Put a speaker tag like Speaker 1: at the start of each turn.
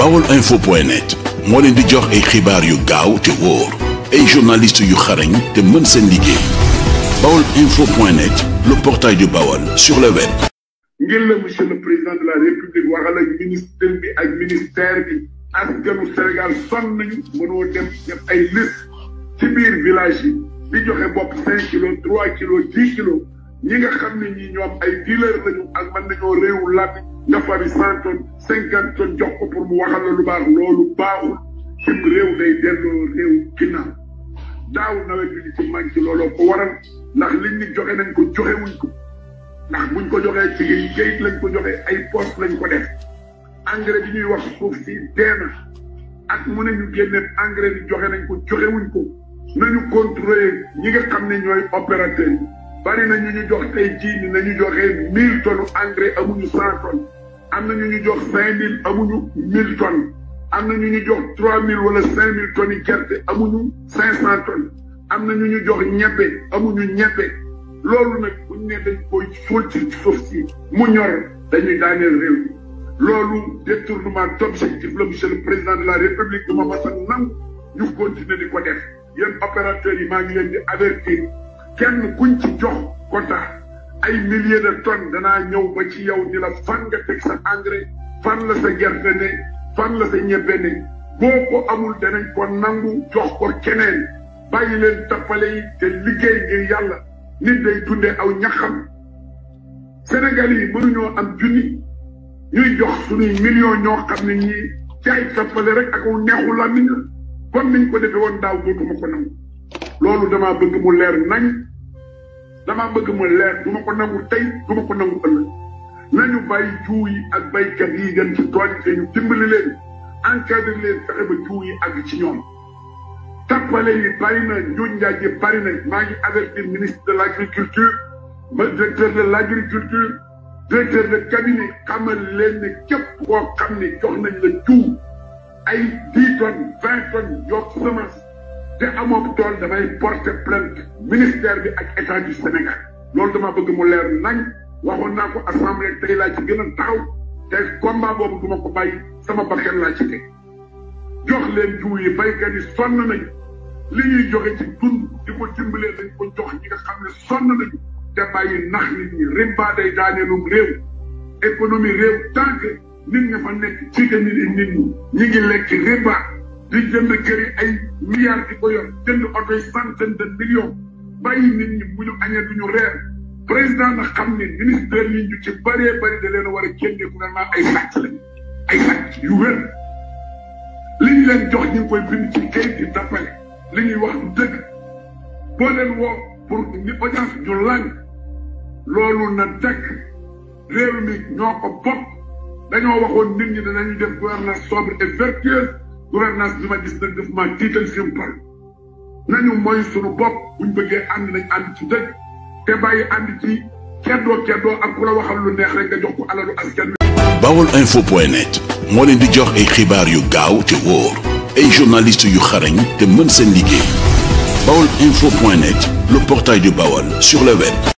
Speaker 1: bawol info point net moo leen di jox ay xibaar yu gaaw te wóor ay journalistes yu xarañ te mën seen liggéey bawol info point net le portail du bawol sur le web. ngir la monsieur le président de la république waxal ak ministre bi ak ministère bi askanu Sénégal sonn nañu mënoo dem def ay liste ci biir village yi di joxe bopp kilo kilos 3 kilos 10 ñi nga xam ne ñi ñoom ay dealer lañu ak mën nañoo réewu làmmiñ nga fari cent cinquante tonnes jox ko pour mu waxal la lu baax loolu baaxul cim réew day delloo réew ginnaaw daaw nawet bi li ci manqué looloo ko waral ndax liñ ni joxe nañ ko joxewuñ ko ndax buñ ko joxee ci lañ ko joxee ay poste lañ ko engrais bi ñuy wax suuf si dee na ak mu ne engrais bi joxe nañ ko joxe ko nañu contrôler ñi nga xam ne ñooy opérateur yi bari na ñu ñu jox tey jii ni nañu joxee mille tonnes engrais amuñu cent tonnes am na ñu ñu jox cinq mille amuñu mille tonnes am na ñu ñu jox trois mille wala cinq mille tonnes yi gerte amuñu cinq cent tonnes am na ñu ñu jox ñebe amuñu ñebe loolu nag buñ ne dañ koy fóot ci suuf si mu ñor dañuy daaneel réew mi loolu détournement d'objectif la monsieur le président de la république du ma masa nangu ñu continuer di ko def yéen opérateurs yi maa ngi leen kenn kuñ ci jox quota ay milliers de tonnes danaa ñëw ba ci yow ni la fan nga teg sa engrais fan la sa gerte ne fan la sa ñebe ne boo ko amul danañ ko nangu jox ko keneen bàyyi leen tappale yi te liggéey ngir yàlla nit day dundee aw ñaxam Sénégal yi mënuñoo am junni ñuy jox suñuy millions ñoo xam ni ñii jaay tappale rek ak aw neexu làmmiñ la kon ko defee woon daaw dootuma ko nangu loolu damaa bëgg mu leer nañ damaa bëgg mu leer du ko nangu tey du ma ko nangu ëllëg nañu bàyyi jiw yi ak baykat yi gën ci tool yi ñu dimbali leen encadré leen fexe ba jiw yi àgg ci ñoom. tappale yi bari na njuñ njaaj yi bari na maa ngi avertir ministre de l' agriculture ma directeur de l' agriculture directeur de cabinet leen ne képp koo xam ne jox nañ la jiw ay dix tonnes yokk semence. te amoo tool damay porter plainte ministère bi ak état du Sénégal loolu dama bëgg mu leer nañ waxoon naa ko assemblée tey laa ci gën a taxaw te combat boobu duma ko bàyyi sama bakkan laa ci teg jox leen jiw yi baykat yi sonn nañu li ñuy joxe ci dund di ko dimbalee dañ ko jox ñi nga xam ne sonn nañu te bàyyi nax nit ñi riba day daaneelum réew économie réew tant que nit ña fa nekk ci nit ñi nit ñi ñu lekk riba di jënd kër yi ay milliards di ko yor jënd oto yi centaine de millions bàyyi nit ñi bu ñu añee du ñu reer président na xam ne ministère yi ñu ci bëree bëri da war a génne gouvernement ay sàcc lañu ay sàcc yu wér li ñu leen jox ñu koy bind ci kayit di dappale li ñuy wax dëgg boo leen woo pour ni audience ñu làng loolu na dakk réew mi ñoo ko bopp dañoo waxoon nit ñi danañu def gouvernance sobre et vertueuse gouvernance bi ma gis nag daf ma tiital fi mu toll nañu mooy suñu bopp buñ bëggee ànd nañ ànd ci dëgg te bàyyi ànd ci keddoo keddoo ak ku la waxal lu neex rek nga jox ko alalu askan wi. bawol info net moo leen di jox ay xibaar yu gaaw te wóor ay journaliste yu xarañ te mën seen liggéey bawol info point net le portail du Bawol sur le web.